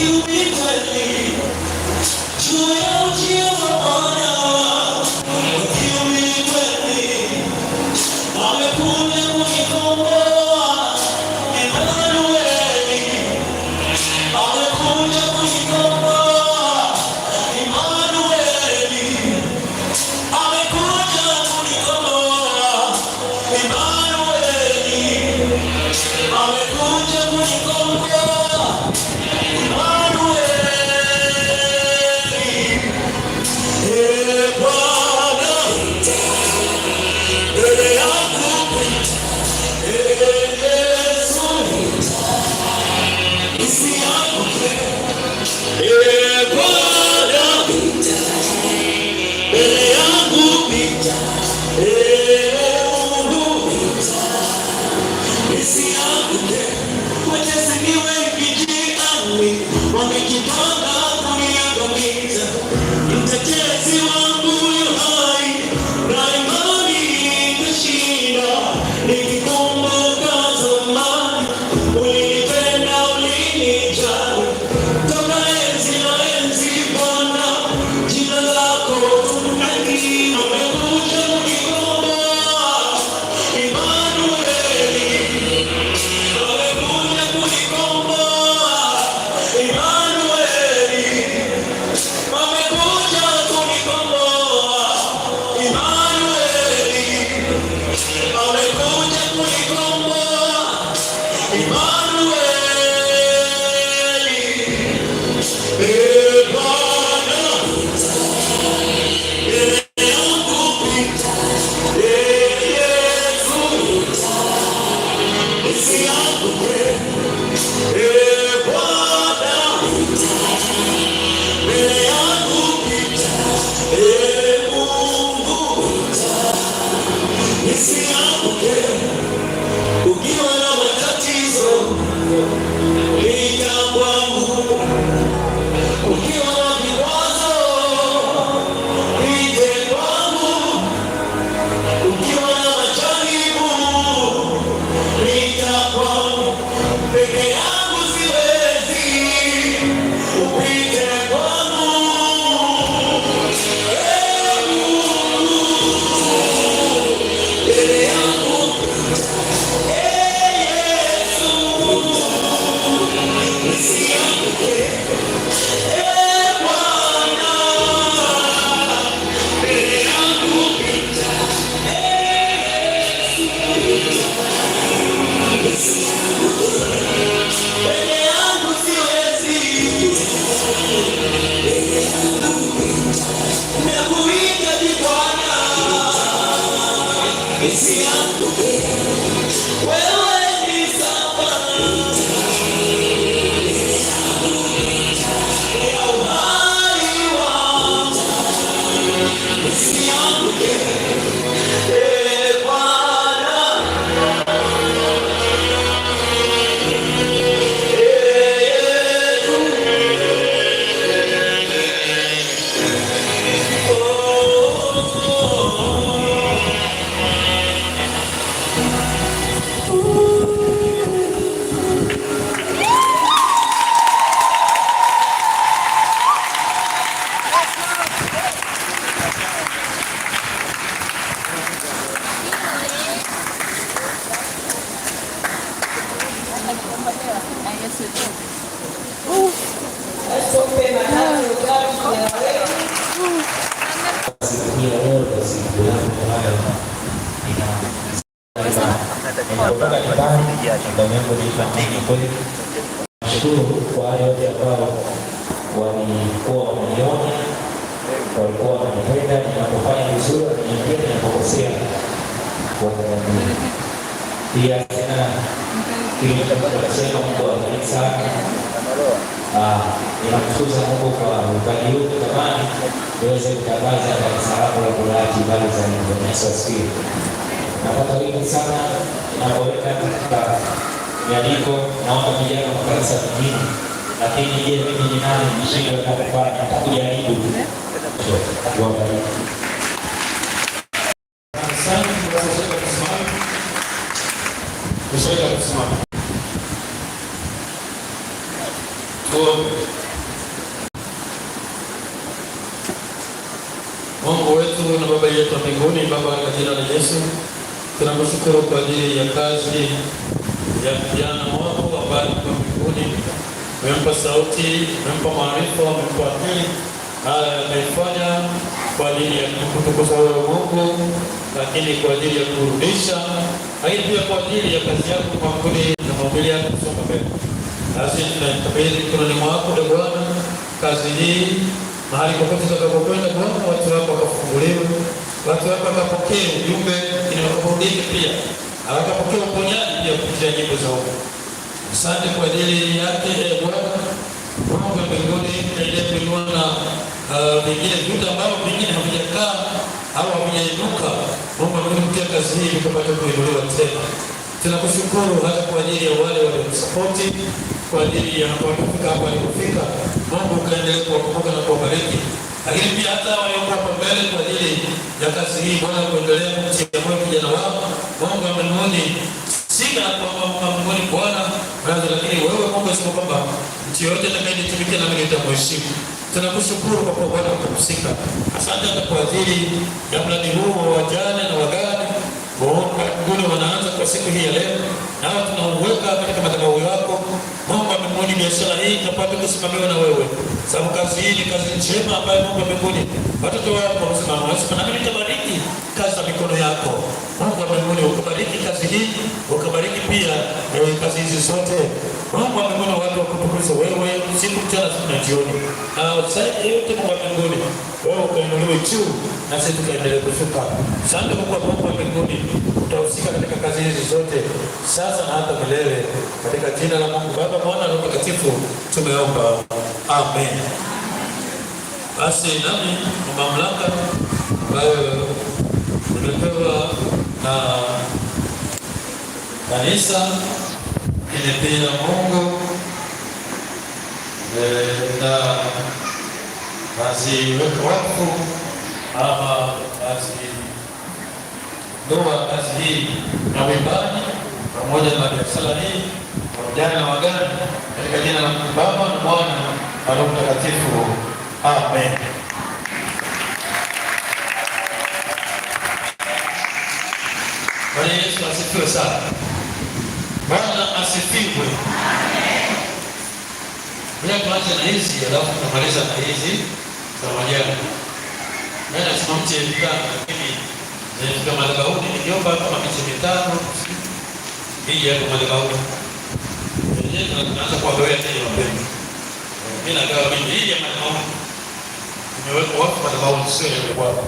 you equally. Joy Ensinar o kutoka nyumbani ndani yangu nifanini kweli. Nashukuru kwa wale wote ambao walikuwa wameniona, walikuwa wananipenda ninapofanya vizuri, wananiambia ninapokosea, wananiambia pia. Tena kile nitakachosema Mungu awabariki sana. Ninamshukuru Mungu kwa upaji huu, tamani niweze kutangaza kanisa lako la Kurati mbali za Yesu asifiwe. Napata wingi sana na kuweka katika mialiko naomba vijana wa kanisa mingine. Lakini je, mimi ni nani mshindwe kufanya? Nitakujaribu. Mungu wetu na Baba yetu mbinguni, Baba, katika jina la Yesu Tunakushukuru kwa ajili ya kazi ya vijana wako ambaye kwa mbinguni umempa sauti, umempa maarifa, umempa akili, haya yanaifanya kwa ajili ya kutukuza wewe Mungu, lakini kwa ajili ya kurudisha, lakini pia kwa ajili ya kazi yako kwa kundi na mahubiri yako kusoma mbele. Basi tunakabidhi mikononi mwako ndio ee Bwana kazi hii, mahali popote tutakapokwenda Bwana, watu wako wakafunguliwe, watu wako wakapokea ujumbe lakini watakaporudi pia hawatapokea uponyaji pia kupitia nyimbo za huko. Asante kwa ajili yake e Bwana Mungu wa mbinguni, tunaendelea kuiona eh, vingine vitu ambavyo vingine havijakaa au havijainuka. Mungu amekupatia kazi hii ili kuinuliwa tena. Tunakushukuru hata kwa ajili ya wale waliosapoti kwa ajili ya walipofika hapa walipofika. Mungu ukaendelee kuwakumbuka na kuwabariki, lakini pia hata waliokuwa hapa mbele kwa ajili ya kazi hii, Bwana kuendelea pamoja na wao, Mungu amenuni sina kwa Mungu Bwana bado, lakini wewe Mungu sio kwamba mtu yote atakayenitumikia na mimi nitamheshimu. Tunakushukuru kwa kuwa Bwana umetusika. Asante kwa ajili ya mradi huu wa wajane na wagani. Mungu akubariki katika siku hii ya leo, nawe tunaweka katika madhabahu yako. Mungu amekuona biashara hii itapata kusimamiwa na wewe, sababu kazi hii ni kazi njema ambayo Mungu amekuona watoto wako wasimama, nami nitabariki kazi za mikono yako Mungu wakabariki kazi hii, wakabariki pia eh, kazi hizi zote. Mungu amekuona watu wa wakutukuza wewe siku mchana na jioni, zaidi ah, yote kwa mbinguni, wewe ukainuliwe juu na sisi tukaendelea kushuka. Asante Mungu wa mbinguni, utahusika katika kazi hizi zote sasa na hata milele, katika jina la Mungu Baba, Mwana na Mtakatifu tumeomba, amen. Basi nami kwa mamlaka ambayo nimepewa na Kanisa limepewa Mungu eh, na aziweke wakfu ama aziondoa kazi hii na uimbaji pamoja na biashara hii pamoja na wagani, katika jina la Baba na Mwana na Roho Mtakatifu, amen. Bwana Yesu asifiwe sana. Bwana asifiwe. Amen. Tuache na hizi alafu tutamaliza na hizi za majani. Mimi nasema mche vitano, lakini zinafika madhabahuni nyumba kama miche mitano hii hapo madhabahuni. Wenyewe tunaanza kuwagawia tena wapenda. Mimi nagawa mimi hii ya madhabahuni. Nimeweka watu madhabahuni sio ya kwako.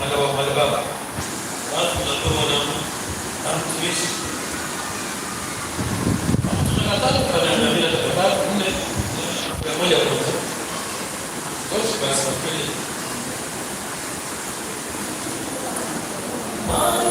Madhabahuni madhabahuni. Watu tunatoa na mtumishi basi kwa kweli